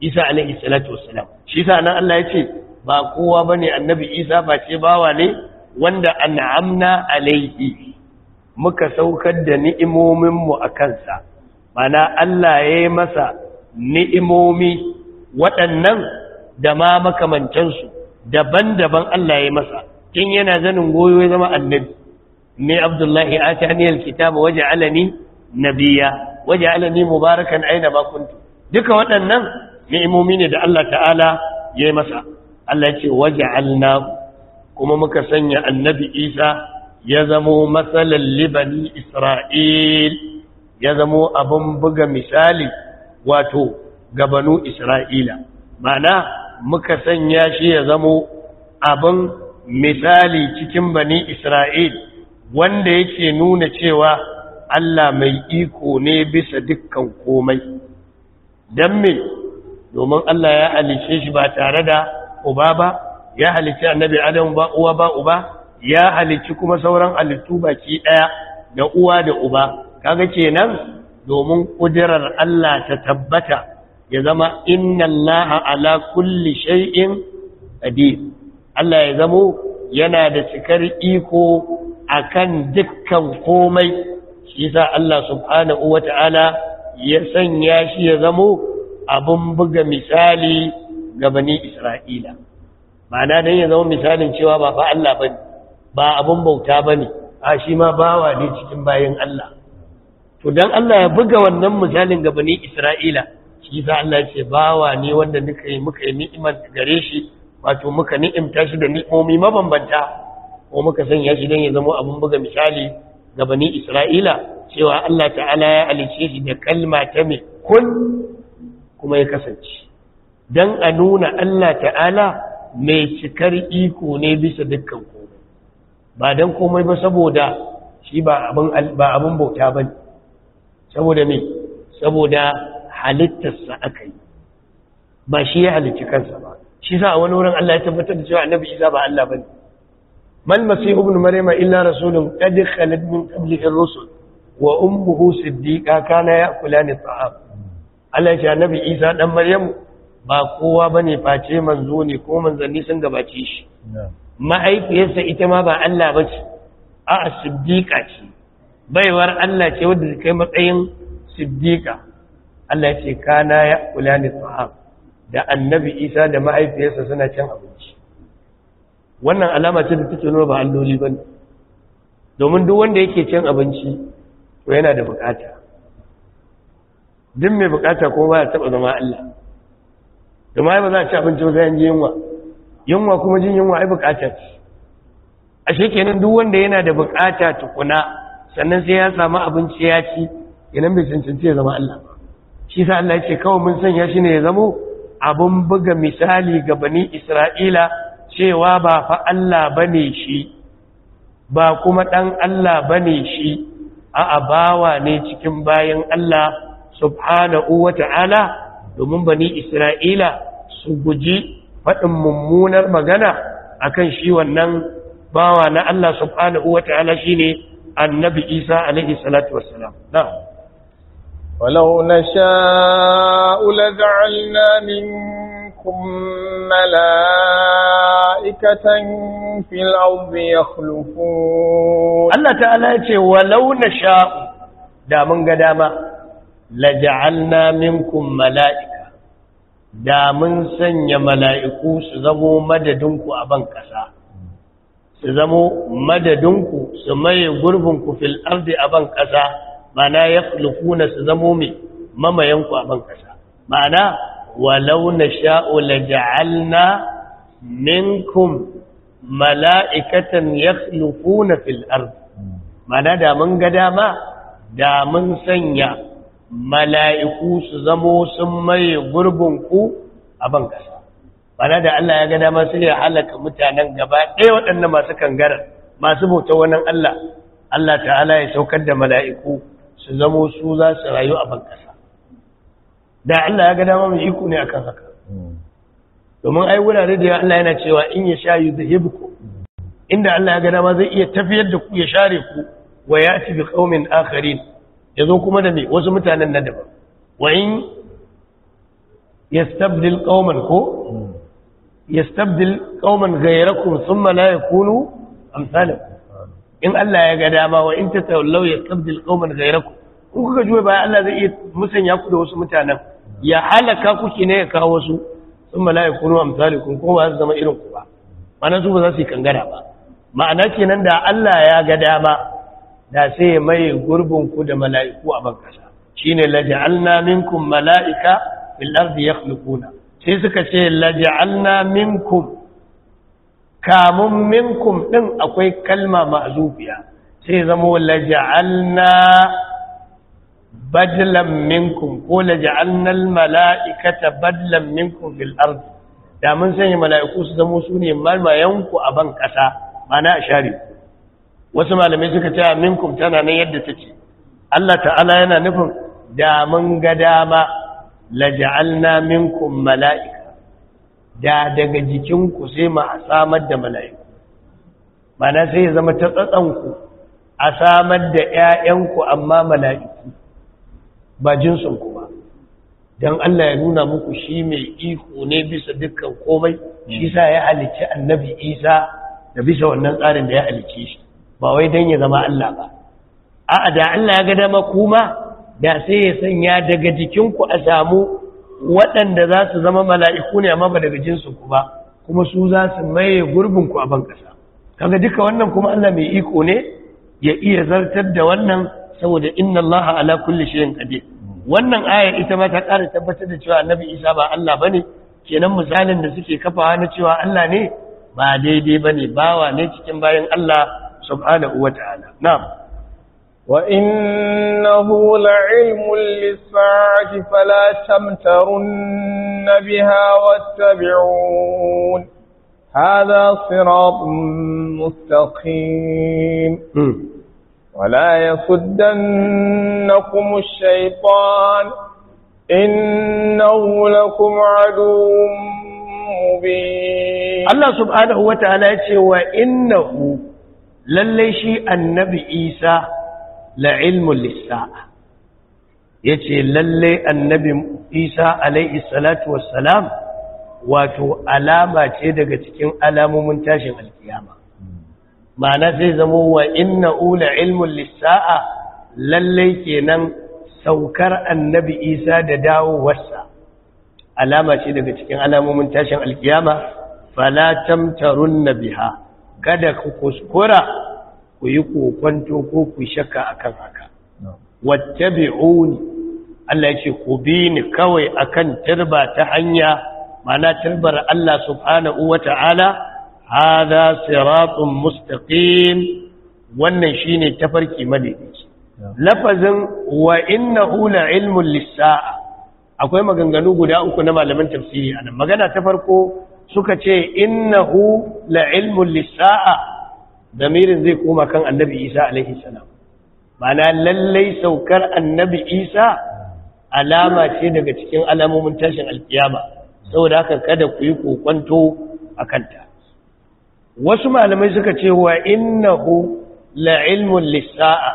Isa alaihi salatu wassalam shi yasa nan Allah ya ce ba kowa ba ne annabi Isa ba ce bawa ne wanda an'amna alaihi muka saukar da ni'imominmu a kansa? mana Allah ya yi masa ni'imomi waɗannan da ma makamantansu daban-daban Allah ya masa tun yana zanin goyo ya zama annabi mai abdullahi a ta hanyar kitaba waje waje mubarakan aina ba kuntu duka waɗannan ni'imomi ne da Allah ta'ala ya yi masa Allah ce waje kuma muka sanya annabi isa ya zamo matsalar libani isra'il ya zamo abin buga misali wato gabanu isra'ila ma'ana muka sanya shi ya zamo abin misali cikin bani isra'il wanda yake nuna cewa Allah mai iko ne bisa dukkan komai don me domin Allah ya halice shi ba tare da uba ba ya halice annabi adam ba uwa ba uba ya halici kuma sauran halittu baki ɗaya da uwa da uba kaga kenan domin ƙudirar Allah ta tabbata ya zama inna allaha ala kulli shay'in qadir Allah ya zamo yana da cikar iko akan dukkan komai shi yasa Allah subhanahu wata'ala ya sanya shi ya zama abun buga misali ga bani Isra'ila ma'ana dan ya zama misalin cewa ba fa Allah bane ba abun bauta bane a shi ma bawa ne cikin bayin Allah to dan Allah ya buga wannan misalin ga bani Isra'ila shi za Allah ce bawa ne wanda muka yi muka yi ni'imar gare shi wato muka ni'imta shi da ni'omi mabambanta ko muka sanya shi don ya zama abin buga misali ga bani Isra'ila cewa Allah ta'ala ya alice shi da kalma ta mai kun kuma ya kasance don a nuna Allah ta'ala mai cikar iko ne bisa dukkan komai ba don komai ba saboda shi ba abin bauta ba ne. saboda me saboda halittarsa aka yi ba shi ya halicci kansa ba shi sa a wani wurin Allah ya tabbatar da cewa annabi Isa ba Allah bane mal masih ibn maryama illa rasulun qad khalat min qablihi rusul wa ummuhu siddiqa kana ya'kulani taam Allah ya ce annabi Isa dan Maryamu ba kowa bane face manzo ne ko manzanni sun gabace shi ma'aikiyarsa ita ma ba Allah bace a'a siddiqa ce baiwar Allah ce wadda kai matsayin siddiqa Allah ya ce kana ya kula ni sahab da annabi Isa da mahaifiyarsa suna cin abinci wannan alama ce da take nuna ba alloli bane domin duk wanda yake cin abinci to yana da bukata duk mai bukata ko ba ya taba zama Allah mai ba za a ci abinci ba sai an ji yunwa yunwa kuma jin yunwa ai bukata ce ashe kenan duk wanda yana da bukata tukuna sannan sai ya samu abinci ya ci yanan bai cancanci ya zama Allah shi sa Allah ce kawai mun sanya shi ne ya zamo abun buga misali ga bani Isra'ila cewa ba fa Allah bane shi ba kuma dan Allah bane shi a abawa ne cikin bayan Allah subhanahu wata'ala domin bani Isra'ila su guji faɗin mummunar magana akan shi wannan bawa na Allah subhanahu wata'ala shine annabi Isa alaihi salatu wassalam na'am ولو نشاء لجعلنا منكم ملائكة Allah الأرض يخلفون الله تعالى يقول ولو نشاء دا من قدام لجعلنا منكم ملائكة da mun sanya mala'iku su zamo madadinku a ban ƙasa su zamo madadinku su maye gurbinku fil ardi a ban ƙasa ma'ana lukuna su zamo mai mamayen kwaban a ban kasa ma'ana walau sha'ula ja'alna minkum mala'ikatan ya lukuna fil’ar ma'ana da mun ga dama da mun sanya mala'iku su zamo sun maye gurbin ku a ban kasa Ma'ana da Allah ya ga dama sun ya halaka mutanen gaba ɗaya waɗannan masu kangarar masu bauta wani Allah Allah ta'ala ya saukar da mala'iku su zamo su za su rayu a bankasa da Allah ya ga dama mai iko ne kan haka domin ai wurare da Allah yana cewa in ya sha yi zahibuku inda Allah ya ga dama zai iya tafiyar da ku ya share ku wa ya ci bi akari ya zo kuma da mai wasu mutanen na daban wa in stabdil qauman ko yastabdil qauman ghayrakum thumma la kunu amsalin in Allah ya ga dama wa in ya yastabdil kauman ghayrakum in kuka juya baya Allah zai iya musanya ku da wasu mutanen ya halaka ku ne ya kawo wasu sun mala'iku ruwa misali kun kuma su zama irin ku ba ma'ana su ba za su yi kangara ba ma'ana nan da Allah ya ga dama da sai ya maye gurbin ku da mala'iku a bankasa Shi shine alna minkum mala'ika fil ardi yakhluquna sai suka ce alna minkum kamun minkum din akwai kalma ma'zufiya sai zama laj'alna badlan minkum ko la ja'alna al mala'ikata badlan minkum fil ard da mun sanya mala'iku su zama su ne malmayanku a ban kasa mana a share wasu malamai suka ce minkum tana nan yadda take Allah ta'ala yana nufin da mun ga dama la ja'alna minkum mala'ika da daga jikinku sai mu samar da mala'iku mana sai ya zama ta tsatsanku a samar da 'ya'yanku amma mala'iku ba jinsun ku ba don Allah ya nuna muku shi mai iko ne bisa dukkan komai shi sa ya halicci annabi isa da bisa wannan tsarin da ya halicci shi ba wai don ya zama Allah ba a'a da Allah ya ga dama kuma da sai ya sanya daga jikinku a samu waɗanda za su zama mala'iku ne amma ba daga jinsin ku ba kuma su za su maye gurbinku a ban ƙasa kaga duka wannan kuma Allah mai iko ne ya iya zartar da wannan saboda inna ala kulli shay'in qadir wannan ayar ita ma ta ƙara tabbatar da cewa annabi isa ba allah bane kenan misalin da suke kafawa na cewa allah ne ba daidai bane bawa ne cikin bayan allah subhanahu wataala na'am وإنه لعلم للساعة فلا تمترن بها واتبعون هذا صراط مستقيم ولا يصدنكم الشيطان إنه لكم عدو مبين الله سبحانه وتعالى وإنه لليشي النبي إيسى لعلم للساعة يتي للي النبي إيسى عليه الصلاة والسلام wato alama ce daga cikin alamomin tashin alkiyama ma'ana sai zamo wa inna ula ilmin lissa'a lallai kenan saukar annabi isa da dawowarsa alama ce daga cikin alamomin tashin alkiyama tarun na biha kada ku kuskura ku yi kokonto ko ku shakka akan haka bi'uni Allah ya ce ku bi ni kawai akan turba ta hanya ma'ana turbar Allah subhanahu wata'ala hadha siratun mustaqim wannan shine tafarki madaidaici lafazin wa innahu hula ilmun lis akwai maganganu guda uku na malaman tafsiri anan magana ta farko suka ce innahu hula ilmun lis damirin zai koma kan annabi Isa alaihi salam mana lallai saukar annabi Isa alama ce daga cikin alamomin tashin alkiyama saboda haka kada ku yi kokonto kanta. wasu malamai suka ce wa inna la ilmun lissa'a?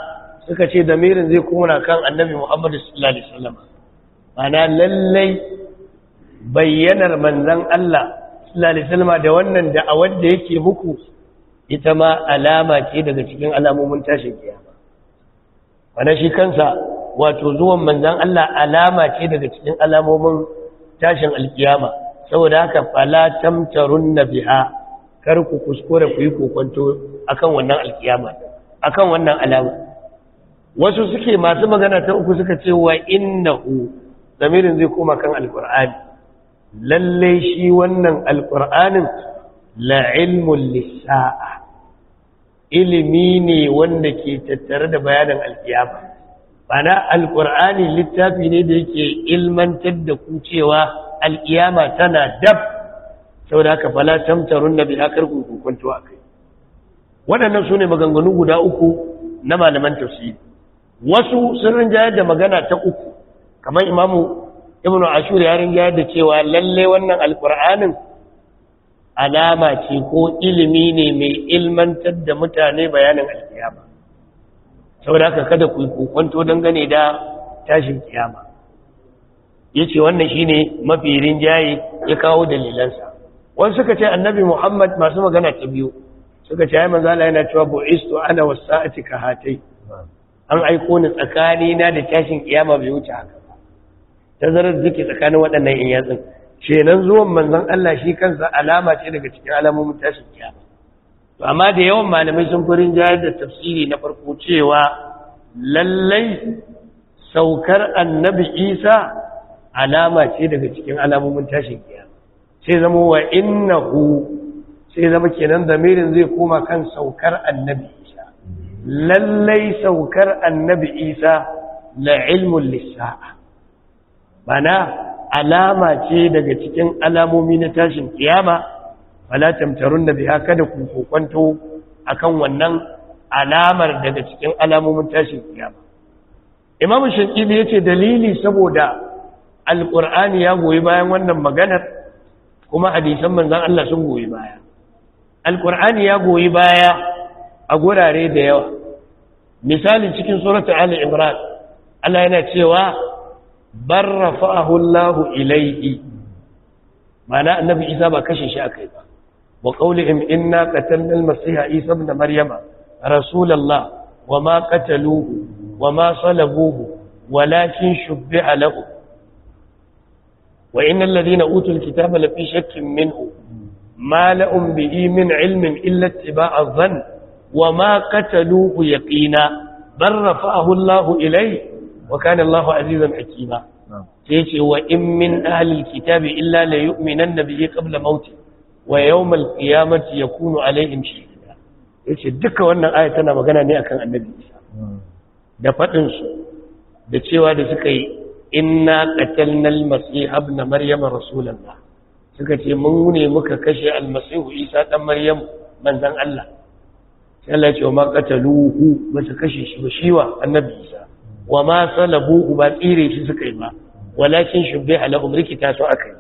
suka ce da mirin zai kuma kan annabi muhammadu sallallahu alaihi wasallam mana lallai bayyanar manzan Allah sallallahu alaihi wasallam da wannan a da yake muku ita ma alama ce daga cikin alamomin tashin kiyama wannan shi kansa wato zuwan manzan Allah alama ce daga cikin alamomin tashin alkiyama saboda haka fala tamtarun biya. kar ku kuskure ku yi kokonto akan wannan alkiyama akan wannan alama wasu suke masu magana ta uku suka ce wa innahu zamirin zai koma kan alkur'ani lalle shi wannan alqur'anin la ilmun lisa'a ilimi ne wanda ke tattare da bayanin alkiyama bana alkur'ani littafi ne da yake ilmantar da ku cewa alkiyama tana dab saboda haka fala tamtarun da biha karku a akai waɗannan sune maganganu guda uku na malaman tafsiri wasu sun rinjaya da magana ta uku kamar imamu ibnu ashur ya rinjayar da cewa lalle wannan alqur'anin alama ce ko ilimi ne mai ilmantar da mutane bayanin alkiyama saboda haka kada ku kokonto dangane da tashin kiyama yace wannan shine mafi rinjaye ya kawo dalilansa wani suka ce annabi muhammad masu magana ta biyu suka ce ya manzo Allah yana cewa bu'istu ana wasa'ati ka hatai an aiko ni tsakani na da tashin kiyama bai wuce haka ba zarar duke tsakanin waɗannan in yatsun kenan zuwan manzon Allah shi kansa alama ce daga cikin alamomin tashin kiyama to amma da yawan malamai sun furin jayar da tafsiri na farko cewa lallai saukar annabi Isa alama ce daga cikin alamomin tashin kiyama sai zama wa innahu sai zama kenan damirin zai koma kan saukar annabi isa lallai saukar annabi isa na ilmun lissa'a mana alama ce daga cikin alamomi na tashin kiyama wala tamtarun da biya kada ku kokwanto kan wannan alamar daga cikin alamomin tashin kiyama imamu shankibi ya ce dalili saboda alƙur'ani ya goyi bayan wannan maganar kuma hadisan manzan Allah sun goyi baya alkur'ani ya goyi baya a gurare da yawa misali cikin suratul ali imran Allah yana cewa barrafa'ahu Allah ilayhi ma'ana annabi Isa ba kashe shi akai ba wa qawlihim inna qatalna al-masiha Isa ibn maryama rasulullah wa ma qataluhu wa ma salabuhu walakin shubbiha lahu wa innal ladina utul kitaba lafi shakkin minhu ma la'um bihi min ilmin illa ittiba'a dhann wa ma qataluhu yaqina bal rafa'ahu Allahu ilayhi wa kana Allahu azizan hakima sai yace wa in min ahlil kitabi illa la yu'minanna bihi qabla mauti wa yawmal qiyamati yakunu alaihim shahida yace duka wannan aya tana magana ne akan annabi da fadin su da cewa da suka yi inna qatalna al-masih ibn maryam rasulullah suka ce mun ne muka kashe al-masih isa dan maryam manzon Allah sai Allah ya ce ma qataluhu ba su kashe shi ba shiwa annabi isa wa ma salabuhu ba tsire shi suka yi ba walakin shubbiha lahum rikita su akai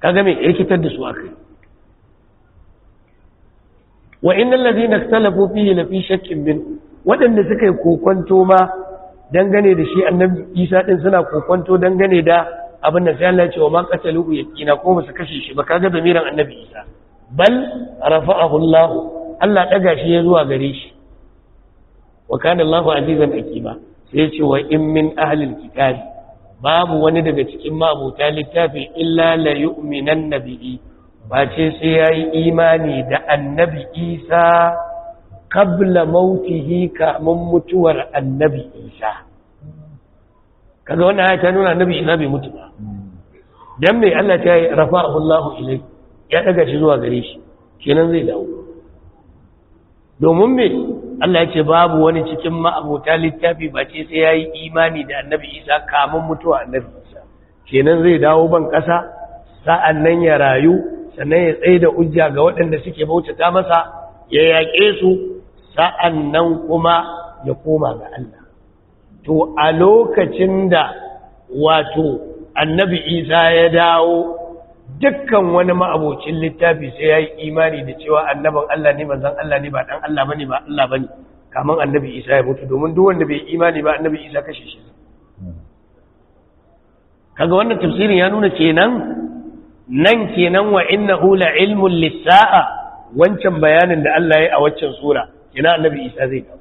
kaga me rikitar da su akai wa innal ladina ikhtalafu fihi la fi shakkin min wadanda suka yi kokonto ma dangane da shi annabi isa din suna kokonto dangane da abin da sai Allah ya ce wa ma qataluhu yaqina ko ba su kashe shi ba kaga damirin annabi isa bal rafa'ahu Allah Allah daga shi ya zuwa gare shi wa kana Allah azizan hakima sai ya ce wa in min ahli alkitab babu wani daga cikin mabuta littafi illa la yu'minan nabi'i ba ce sai yayi imani da annabi isa qabla mautihi kamun mutuwar annabi isa kaga wannan ayata nuna annabi isa bai mutu ba dan me Allah ta yi rafa'ahu Allah ilai ya daga shi zuwa gare shi kenan zai dawo domin me Allah ya ce babu wani cikin ma'abota littafi ba ce sai yayi imani da annabi isa kamun mutuwa annabi isa kenan zai dawo ban kasa sa'an nan ya rayu sannan ya tsaye da ujja ga waɗanda suke bauta ta masa ya yaƙe su sa'annan kuma ya koma ga Allah to a lokacin da wato annabi isa ya dawo dukkan wani ma'abocin littafi sai ya yi imani da cewa annaban Allah ne manzan Allah ne ba ɗan Allah ba ne ba Allah ba ne. Kamar annabi isa ya mutu domin duk wanda bai imani ba annabi isa kashe shi kaga wannan tafsirin ya nuna kenan nan kenan wa innahu hula ilmun lissa'a wancan bayanin da Allah ya yi a waccan sura ina annabi isa zai dawo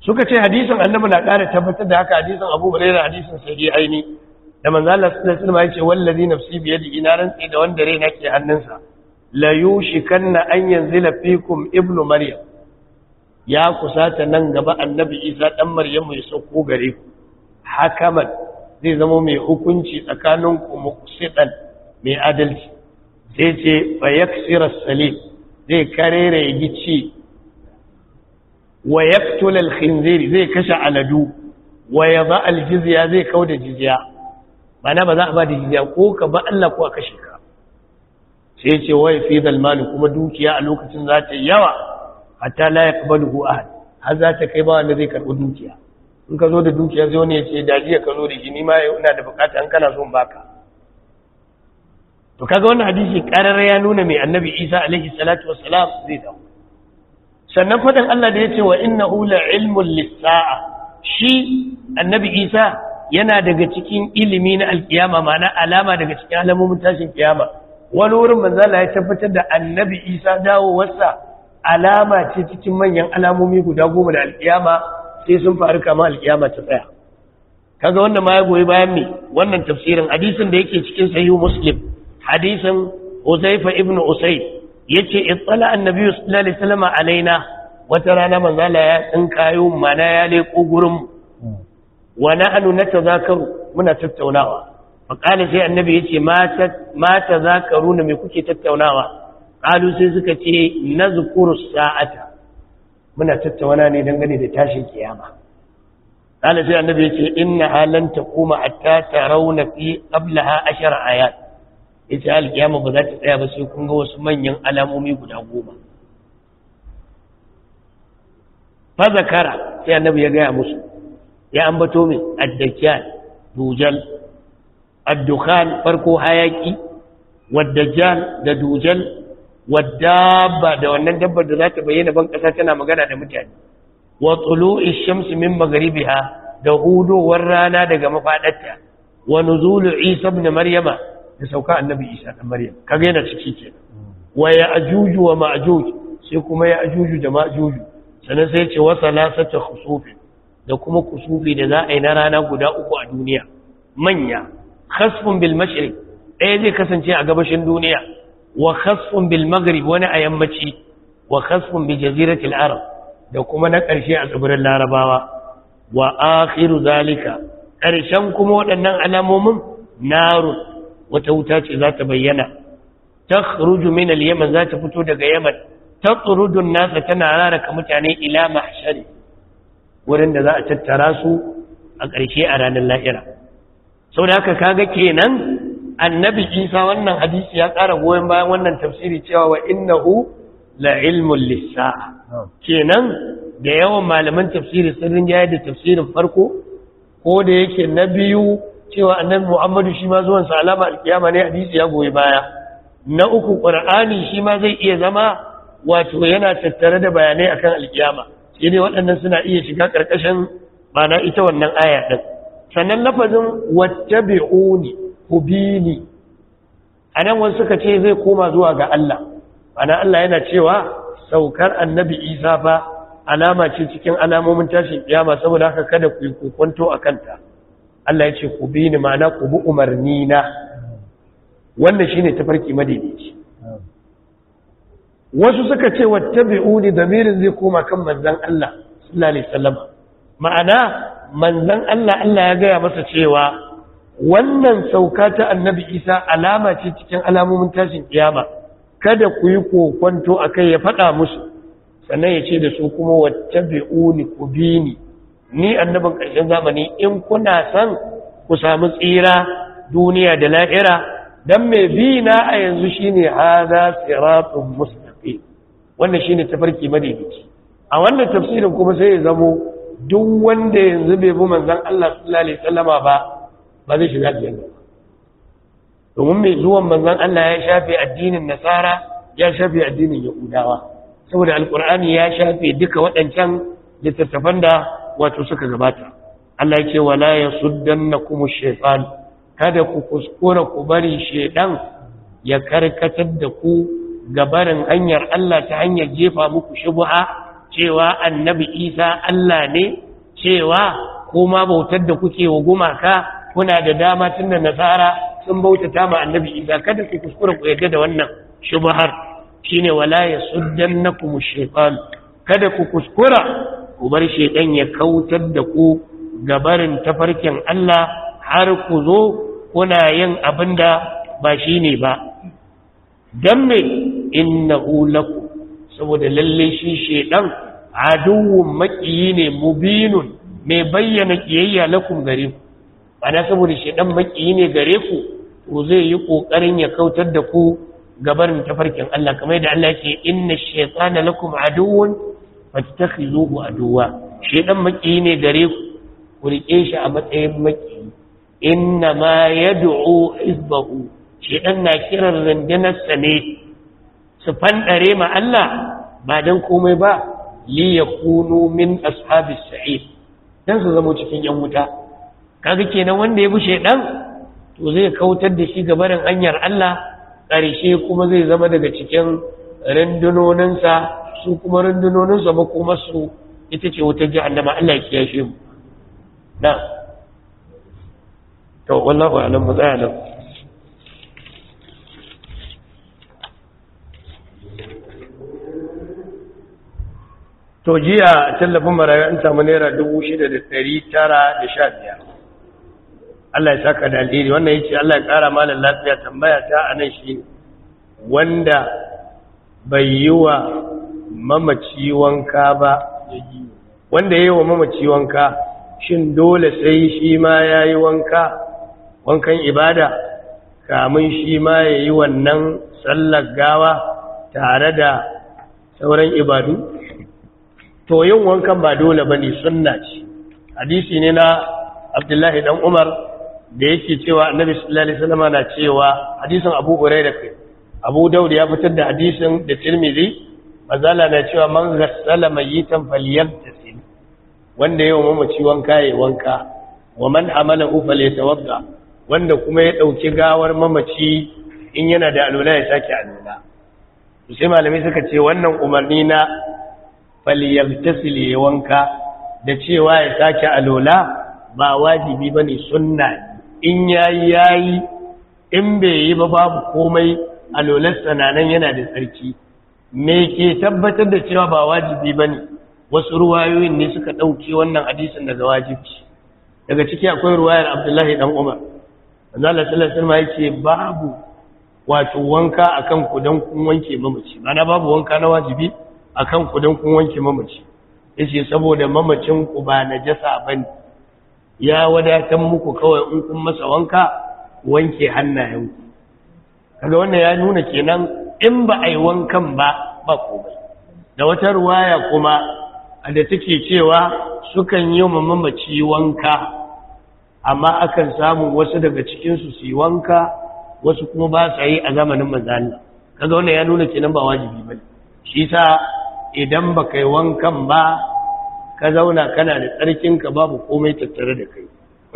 suka ce hadisin annabi na ƙara tabbatar da haka hadisin abu da hadisin sai aini da manzo Allah sallallahu alaihi wasallam ya ce wallazi nafsi bi yadi ina rantsi da wanda rai nake hannunsa la yushikanna an yanzila fikum ibnu maryam ya kusata nan gaba annabi isa dan maryam mai sauko gare ku hakaman zai zama mai hukunci tsakanin ku muqsitan mai adalci zai ce fa yaksira salim zai karere gici wa yaqtul al zai kashe aladu wa yadha al-jizya zai kauda jizya mana ba za a ba da jizya ko ka ba Allah ko kashe ka sai ce wai fi zalmani kuma dukiya a lokacin za ta yi yawa hatta la yaqbalu ahad har za ta kai ba wanda zai karbi dukiya in ka zo da dukiya zai wani ya ce da jiya ka zo da shi ma ma ina da bukata an kana son baka to kaga wannan hadisi karar ya nuna mai annabi Isa alaihi salatu wassalam zai dawo sannan faɗin Allah da ya ce wa inna hula ilmun lissa'a shi annabi isa yana daga cikin ilimi na alkiyama ma'ana alama daga cikin alamomin tashin kiyama wani wurin manzala ya tabbatar da annabi isa dawo dawowarsa alama ce cikin manyan alamomi guda goma da alkiyama sai sun faru kama alkiyama ta tsaya kaga wannan ma ya goyi bayan me wannan tafsirin hadisin da yake cikin sahihu muslim hadisin Uzaifa ibn Usayd Ya yace ittala annabi sallallahu alaihi wasallam alaina wata rana manzo Allah ya tsinkayo mana ya leko gurin wa nahnu natazakaru muna tattaunawa fa qala sai annabi yace mata mata zakaruna me kuke tattaunawa qalu sai suka ce nazkuru sa'ata muna tattauna ne dangane da tashin kiyama qala sai annabi yace inna halan taquma hatta tarawna fi qablaha ashara ayat ita alkiyama ba za ta tsaya ba sai kun ga wasu manyan alamomi guda goma fa zakara sai annabi ya gaya musu ya ambato min addajjal dujal addukhan farko hayaki waddajal da dujal waddaba da wannan dabbar da za ta bayyana ban kasa tana magana da mutane wa tulu'i shamsi min Magaribiha da hudowar rana daga mafadarta wa nuzulu isa ibn maryama da sauka annabi isa da maryam kaga yana ciki ke wa ya ajuju wa ma'juj sai kuma ya ajuju da ma'juju sannan sai ce wa salasata khusufi da kuma kusufi da za a yi na rana guda uku a duniya manya khasfun bil mashriq ɗaya zai kasance a gabashin duniya wa khasfun bil maghrib wani a yammaci wa khasfun bi jaziratil arab da kuma na ƙarshe a tsibirin larabawa wa akhiru zalika ƙarshen kuma waɗannan alamomin narun wata wuta ce za ta bayyana takhruju min al-yaman za ta fito daga yaman ta an nasa tana raraka mutane ila mahshari wurin da za a tattara su a ƙarshe a ranar lahira saboda haka kaga kenan annabi Isa wannan hadisi ya ƙara goyon bayan wannan tafsiri cewa wa innahu la ilmun kenan da yawan malaman tafsiri sun rinjaye da tafsirin farko ko da yake na biyu cewa annabi muhammadu shi ma zuwan sa alama alkiyama ne hadisi ya goyi baya na uku qur'ani shi ma zai iya zama wato yana tattare da bayanai akan alkiyama sai dai waɗannan suna iya shiga karkashin mana ita wannan aya din sannan lafazin wattabi'uni hubini anan wasu suka ce zai koma zuwa ga Allah ana Allah yana cewa saukar annabi Isa fa alama ce cikin alamomin tashin kiyama saboda haka kada ku yi kokonto a kanta Allah ya ce ku bi ni mana ku bi umarni na wannan shine tafarki madaidaici wasu suka ce wattabi'uni damirin zai koma kan manzon Allah sallallahu alaihi wasallam ma'ana manzon Allah Allah ya gaya masa cewa wannan sauka ta annabi Isa alama ce cikin alamomin tashin kiyama kada ku yi kokonto akai ya faɗa musu sannan ya ce da su kuma wattabi'uni ku bi ni ni annabin ƙarshen zamani in kuna son ku samu tsira duniya da la'ira don mai bi na a yanzu shine haza siratun mustaqim wannan shine tafarki madaidaici a wannan tafsirin kuma sai ya zamo duk wanda yanzu bai bi manzon Allah sallallahu alaihi wasallama ba ba zai shiga aljanna domin mai zuwan manzon Allah ya shafe addinin nasara ya shafe addinin yahudawa saboda alqur'ani ya shafe duka waɗancan littattafan da wato suka gabata Allah ya ce wala yasuddannakum ash-shaytan kada ku kuskura ku bari shaydan ya karkatar da ku gabarin hanyar Allah ta hanyar jefa muku shubha cewa annabi Isa Allah ne cewa kuma bautar da kuke wa gumaka kuna da dama tunda nasara sun bautata ma annabi Isa kada ku kuskura ku yarda da wannan shubhar shine wala yasuddannakum ash-shaytan kada ku kuskura ku bar shedan ya kautar da ku gabarin tafarkin Allah har ku zo kuna yin abinda ba shi ne ba dan me innahu laku saboda lalle shi shedan aduwun makiyi ne mubinun mai bayyana ƙiyayya lakum gare ku ana saboda shedan makiyi ne gare ku to zai yi ƙoƙarin ya kautar da ku gabarin tafarkin Allah kamar yadda Allah ke inna shaytana lakum aduwun fattakhizuhu aduwa shi dan maki ne gare ku ku rike shi a matsayin maki inna ma yad'u hizbahu shi dan na kiran rundunar sa ne su fandare ma Allah ba dan komai ba li yakunu min ashabis sa'id dan su zama cikin yan wuta kaga kenan wanda ya bi shedan to zai kautar da shi gabarin hanyar Allah ƙarshe kuma zai zama daga cikin Rindunoninsa su kuma rundunoninsa makomarsu ita ce wata wutar jihannama Allah ya shi mu na to wallahu alam mu tsaya nan to jiya tallafin marayu an samu naira dubu shida da tara da sha biyar Allah ya saka da alheri wannan ya ce Allah ya ƙara malar lafiya tambaya ta anan shi wanda bai yi wa mamaci wanka ba wanda ya yi wa mamaci wanka shin dole sai shi ma ya yi wanka wankan ibada kamun shi ma ya yi wannan sallar gawa tare da sauran ibadu to yin wankan ba dole ba ne suna ce hadisi ne na abdullahi dan umar da yake cewa annabi sallallahu alaihi wasallam na cewa hadisin abu hurairah kai abu Daudu ya fitar da hadisin da tirmidhi mazala na cewa man ghassala mayitan falyabtasil wanda yau mamaci wanka yayi wanka wa man amala ufa wanda kuma ya dauki gawar mamaci in yana da alula ya sake alula sai malamai suka ce wannan umarni na falyabtasil wanka da cewa ya sake alula ba wajibi bane sunna in yayi yayi in bai yi ba babu komai A na yana da tsarki me ke tabbatar da cewa ba wajibi ba ne wasu ruwayoyin ne suka ɗauki wannan hadisin daga wajibi daga ciki akwai ruwayar abdullahi dan umar azala sallallahu alaihi ya ce babu wato wanka akan ku dan kun wanke mamaci mana babu wanka na wajibi akan ku dan kun wanke mamaci yace saboda mamacin ku ba najasa bane ya wadatar muku kawai in kun masa wanka wanke hannayenku kaga wannan ya nuna kenan in ba a yi wankan ba ba komai da wata ruwaya kuma da take cewa sukan yi mamaci wanka amma akan samu wasu daga cikinsu su yi wanka wasu kuma ba sa yi a zamanin manzanni kaga wannan ya nuna kenan ba wajibi ba shi sa idan ba kai wankan ba ka zauna kana da tsarkinka babu komai tattare da kai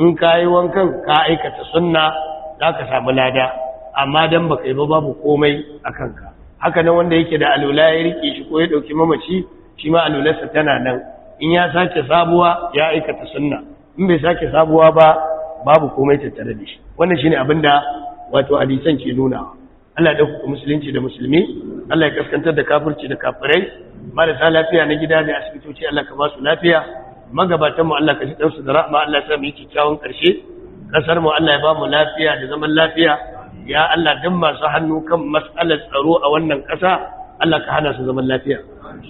in ka yi wankan ka aikata sunna za ka samu lada amma dan baka yi ba babu komai a kanka haka nan wanda yake da alula ya rike shi ko ya ɗauki mamaci shi ma alulasa tana nan in ya sake sabuwa ya aikata sunna in bai sake sabuwa ba babu komai tattare da shi wannan ne abin da wato hadisan ke nuna Allah ya dauka musulunci da musulmi Allah ya kaskantar da kafirci da kafirai marasa lafiya na gida da asibitoci Allah ka ba su lafiya magabatanmu Allah ka ji ɗansu da rahama Allah ya sa mu yi kyakkyawan ƙarshe ƙasarmu Allah ya ba mu lafiya da zaman lafiya ya Allah dan masu hannu kan mas'alar tsaro a wannan ƙasa Allah ka hana su zaman lafiya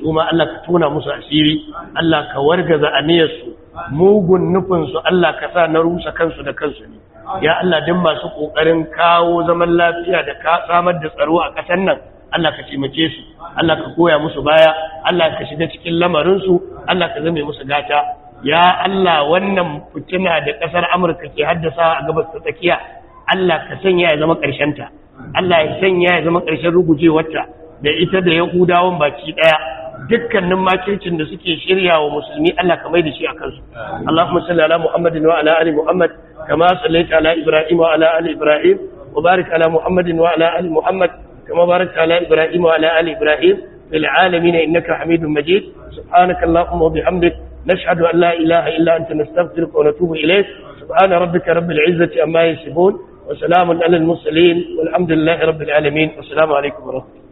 su ma Allah ka tona musu asiri Allah ka wargaza aniyarsu mugun nufinsu Allah ka sa na rusa kansu da kansu ne ya Allah dan masu ƙoƙarin kawo zaman lafiya da ka samar da tsaro a ƙasar nan Allah ka taimake su Allah ka koya musu baya Allah ka shiga cikin lamarinsu Allah ka zame musu gata ya Allah wannan fitina da ƙasar Amurka ke haddasa a gabas ta tsakiya Allah ka sanya ya zama ta. Allah ya sanya ya zama ƙarshen rugujewarta da ita da yahudawan baki ɗaya dukkanin makircin da suke shirya wa musulmi Allah ka mai da shi a kansu Allahumma salli ala Muhammadin wa ala ali Muhammad kama sallaita ala Ibrahim wa ala ali Ibrahim wa barik ala Muhammadin wa ala ali Muhammad kama barakta ala Ibrahim wa ala ali Ibrahim fil alamin innaka Hamidum Majid subhanaka Allahumma wa bihamdik نشهد أن لا إله إلا أنت نستغفرك ونتوب إليك سبحان ربك رب العزة أما يصفون وسلام على المرسلين والحمد لله رب العالمين والسلام عليكم ورحمة الله